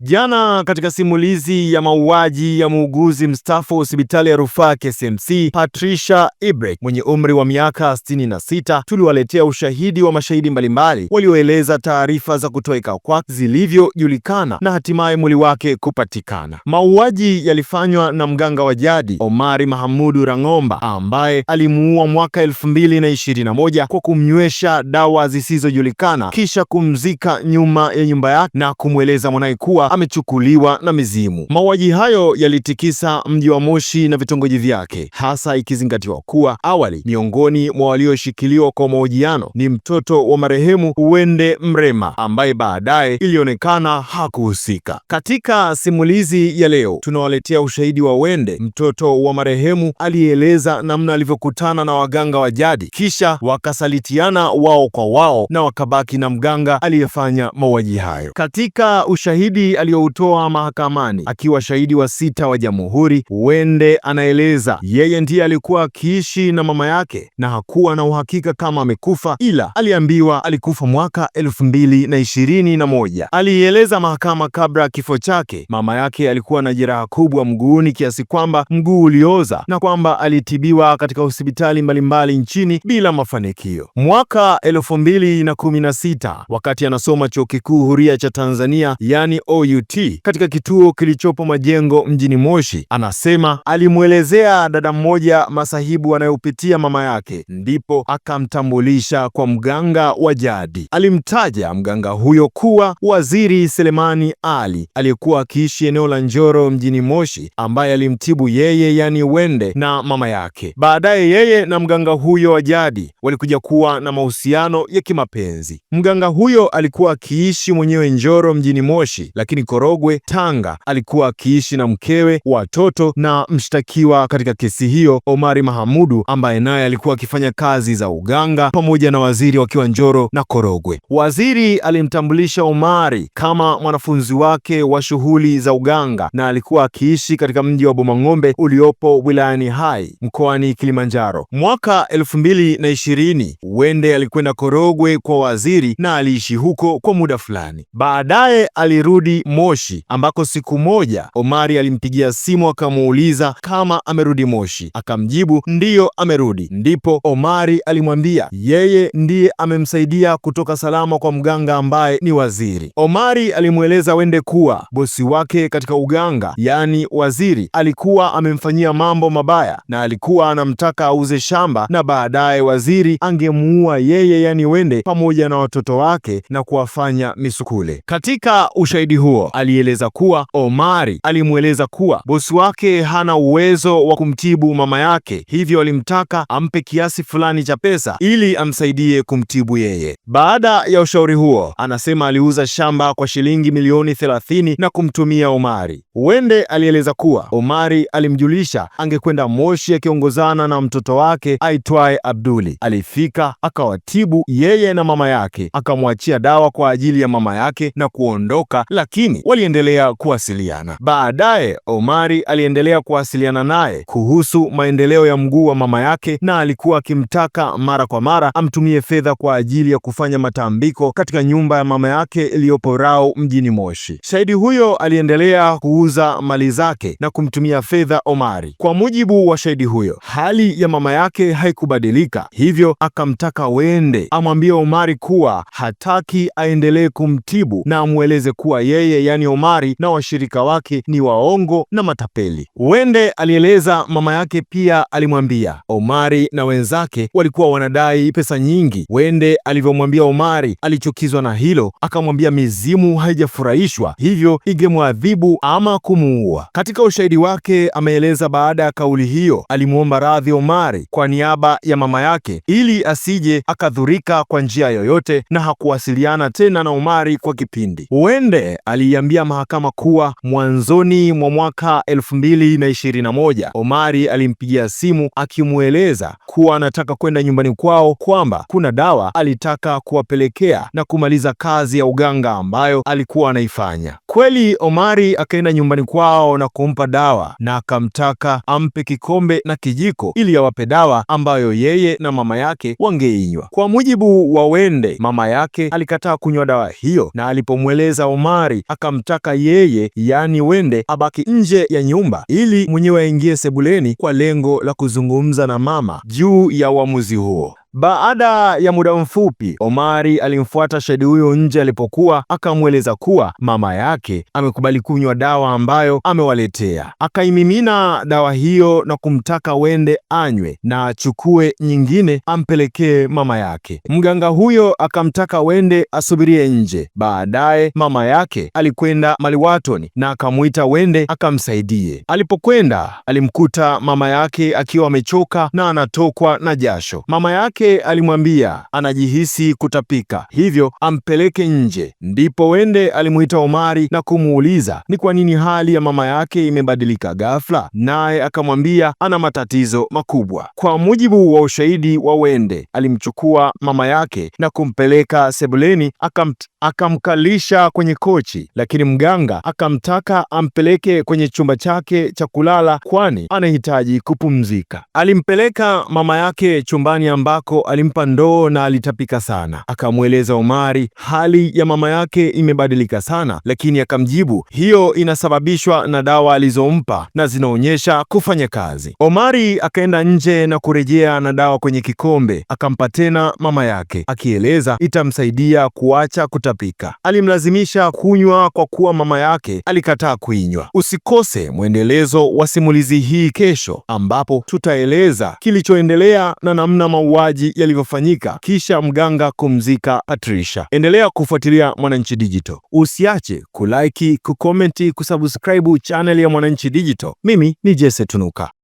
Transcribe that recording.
Jana katika simulizi ya mauaji ya muuguzi mstaafu wa hospitali ya rufaa KCMC Patricia Ibreck mwenye umri wa miaka 66, tuliwaletea ushahidi wa mashahidi mbalimbali walioeleza taarifa za kutoweka kwake zilivyojulikana na hatimaye mwili wake kupatikana. Mauaji yalifanywa na mganga wa jadi Omari Mahamudu Rang'omba ambaye alimuua mwaka 2021 kwa kumnywesha dawa zisizojulikana kisha kumzika nyuma ya nyumba yake na kumweleza mwanaye kuwa amechukuliwa na mizimu. Mauaji hayo yalitikisa mji wa Moshi na vitongoji vyake, hasa ikizingatiwa kuwa awali miongoni mwa walioshikiliwa kwa mahojiano ni mtoto wa marehemu Uwende Mrema ambaye baadaye ilionekana hakuhusika. Katika simulizi ya leo tunawaletea ushahidi wa Wende, mtoto wa marehemu aliyeeleza namna alivyokutana na waganga wa jadi kisha wakasalitiana wao kwa wao na wakabaki na mganga aliyefanya mauaji hayo. Katika ushahidi aliyoutoa mahakamani akiwa shahidi wa sita wa jamhuri, wende anaeleza yeye ndiye alikuwa akiishi na mama yake na hakuwa na uhakika kama amekufa, ila aliambiwa alikufa mwaka elfu mbili na ishirini na moja. Aliieleza mahakama kabla ya kifo chake mama yake alikuwa na jeraha kubwa mguuni kiasi kwamba mguu ulioza na kwamba alitibiwa katika hospitali mbalimbali nchini bila mafanikio. Mwaka elfu mbili na kumi na sita wakati anasoma chuo kikuu huria cha Tanzania yani o UT katika kituo kilichopo Majengo mjini Moshi, anasema alimwelezea dada mmoja masahibu anayopitia mama yake, ndipo akamtambulisha kwa mganga wa jadi. Alimtaja mganga huyo kuwa Waziri Selemani Ali aliyekuwa akiishi eneo la Njoro mjini Moshi, ambaye alimtibu yeye yani Wende na mama yake. Baadaye yeye na mganga huyo wa jadi walikuja kuwa na mahusiano ya kimapenzi. Mganga huyo alikuwa akiishi mwenyewe Njoro mjini Moshi, lakini lakini Korogwe, Tanga, alikuwa akiishi na mkewe, watoto na mshtakiwa katika kesi hiyo Omari Mahamudu ambaye naye alikuwa akifanya kazi za uganga pamoja na waziri wakiwa Njoro na Korogwe. Waziri alimtambulisha Omari kama mwanafunzi wake wa shughuli za uganga na alikuwa akiishi katika mji wa Bomang'ombe uliopo wilayani Hai mkoani Kilimanjaro. Mwaka 2020 Wende alikwenda Korogwe kwa waziri na aliishi huko kwa muda fulani. Baadaye alirudi Moshi, ambako siku moja Omari alimpigia simu akamuuliza kama amerudi Moshi, akamjibu ndiyo amerudi. Ndipo Omari alimwambia yeye ndiye amemsaidia kutoka salama kwa mganga ambaye ni waziri. Omari alimweleza Wende kuwa bosi wake katika uganga, yaani waziri, alikuwa amemfanyia mambo mabaya na alikuwa anamtaka auze shamba na baadaye waziri angemuua yeye, yaani Wende pamoja na watoto wake na kuwafanya misukule. Katika ushahidi huu huo alieleza kuwa Omari alimweleza kuwa bosi wake hana uwezo wa kumtibu mama yake, hivyo alimtaka ampe kiasi fulani cha pesa ili amsaidie kumtibu yeye. Baada ya ushauri huo, anasema aliuza shamba kwa shilingi milioni 30 na kumtumia Omari. Wende alieleza kuwa Omari alimjulisha angekwenda Moshi akiongozana na mtoto wake aitwaye Abduli. Alifika akawatibu yeye na mama yake, akamwachia dawa kwa ajili ya mama yake na kuondoka, lakini lakini waliendelea kuwasiliana. Baadaye Omari aliendelea kuwasiliana naye kuhusu maendeleo ya mguu wa mama yake, na alikuwa akimtaka mara kwa mara amtumie fedha kwa ajili ya kufanya matambiko katika nyumba ya mama yake iliyopo Rau mjini Moshi. Shahidi huyo aliendelea kuuza mali zake na kumtumia fedha Omari. Kwa mujibu wa shahidi huyo, hali ya mama yake haikubadilika, hivyo akamtaka wende amwambie Omari kuwa hataki aendelee kumtibu na amweleze kuwa yeye yeye, yani Omari na washirika wake ni waongo na matapeli. Wende alieleza mama yake pia alimwambia Omari na wenzake walikuwa wanadai pesa nyingi. Wende alivyomwambia Omari alichukizwa na hilo, akamwambia mizimu haijafurahishwa, hivyo ingemwadhibu ama kumuua. Katika ushahidi wake ameeleza baada ya kauli hiyo alimwomba radhi Omari kwa niaba ya mama yake ili asije akadhurika kwa njia yoyote, na hakuwasiliana tena na Omari kwa kipindi. Wende aliiambia mahakama kuwa mwanzoni mwa mwaka 2021 Omari alimpigia simu akimweleza kuwa anataka kwenda nyumbani kwao, kwamba kuna dawa alitaka kuwapelekea na kumaliza kazi ya uganga ambayo alikuwa anaifanya. Kweli Omari akaenda nyumbani kwao na kumpa dawa na akamtaka ampe kikombe na kijiko ili awape dawa ambayo yeye na mama yake wangeinywa. Kwa mujibu wa Wende, mama yake alikataa kunywa dawa hiyo, na alipomweleza Omari akamtaka yeye, yaani Wende, abaki nje ya nyumba ili mwenyewe aingie sebuleni kwa lengo la kuzungumza na mama juu ya uamuzi huo. Baada ya muda mfupi, Omari alimfuata shahidi huyo nje alipokuwa, akamweleza kuwa mama yake amekubali kunywa dawa ambayo amewaletea. Akaimimina dawa hiyo na kumtaka wende anywe na achukue nyingine ampelekee mama yake. Mganga huyo akamtaka wende asubirie nje. Baadaye mama yake alikwenda maliwatoni na akamwita wende akamsaidie. Alipokwenda alimkuta mama yake akiwa amechoka na anatokwa na jasho. Mama yake yake alimwambia anajihisi kutapika, hivyo ampeleke nje. Ndipo Wende alimuita Omari na kumuuliza ni kwa nini hali ya mama yake imebadilika ghafla, naye akamwambia ana matatizo makubwa. Kwa mujibu wa ushahidi wa Wende, alimchukua mama yake na kumpeleka sebuleni akamta akamkalisha kwenye kochi, lakini mganga akamtaka ampeleke kwenye chumba chake cha kulala, kwani anahitaji kupumzika. Alimpeleka mama yake chumbani ambako alimpa ndoo na alitapika sana. Akamweleza Omari hali ya mama yake imebadilika sana, lakini akamjibu hiyo inasababishwa na dawa alizompa na zinaonyesha kufanya kazi. Omari akaenda nje na kurejea na dawa kwenye kikombe, akampa tena mama yake akieleza itamsaidia kuacha kuta kutapika. Alimlazimisha kunywa kwa kuwa mama yake alikataa kuinywa. Usikose mwendelezo wa simulizi hii kesho, ambapo tutaeleza kilichoendelea na namna mauaji yalivyofanyika kisha mganga kumzika Patricia. Endelea kufuatilia Mwananchi Digital, usiache kulike, kukomenti, kusubscribe channel ya Mwananchi Digital. Mimi ni Jesse Tunuka.